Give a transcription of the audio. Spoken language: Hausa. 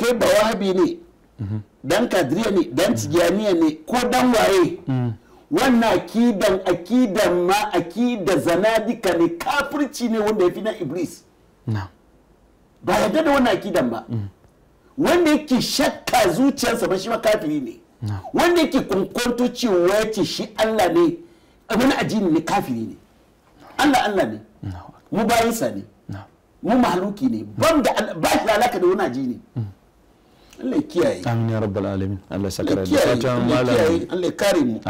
kai ba wahabi ne dan kadiriya ne dan mm-hmm. tijaniya ne ko dan waye mm. wannan akidan akidan ma akida zanadika ne kafirci ne wanda ya fi na iblis ba yadda da wannan akidan ba mm. wanda yake shakka zuciyarsa ba shi ma kafiri ne wanda yake kunkwanto cewa ya ce shi Allah ne wani ajini ne kafiri ne Allah Allah ne mu bayansa ne mu mahaluki ne ban da ba shi da alaka da wani ajini ne mm. Allah kiyaye amin ya rabbal alamin Allah ya saka Allah ya kiyaye. Allah ya kare mu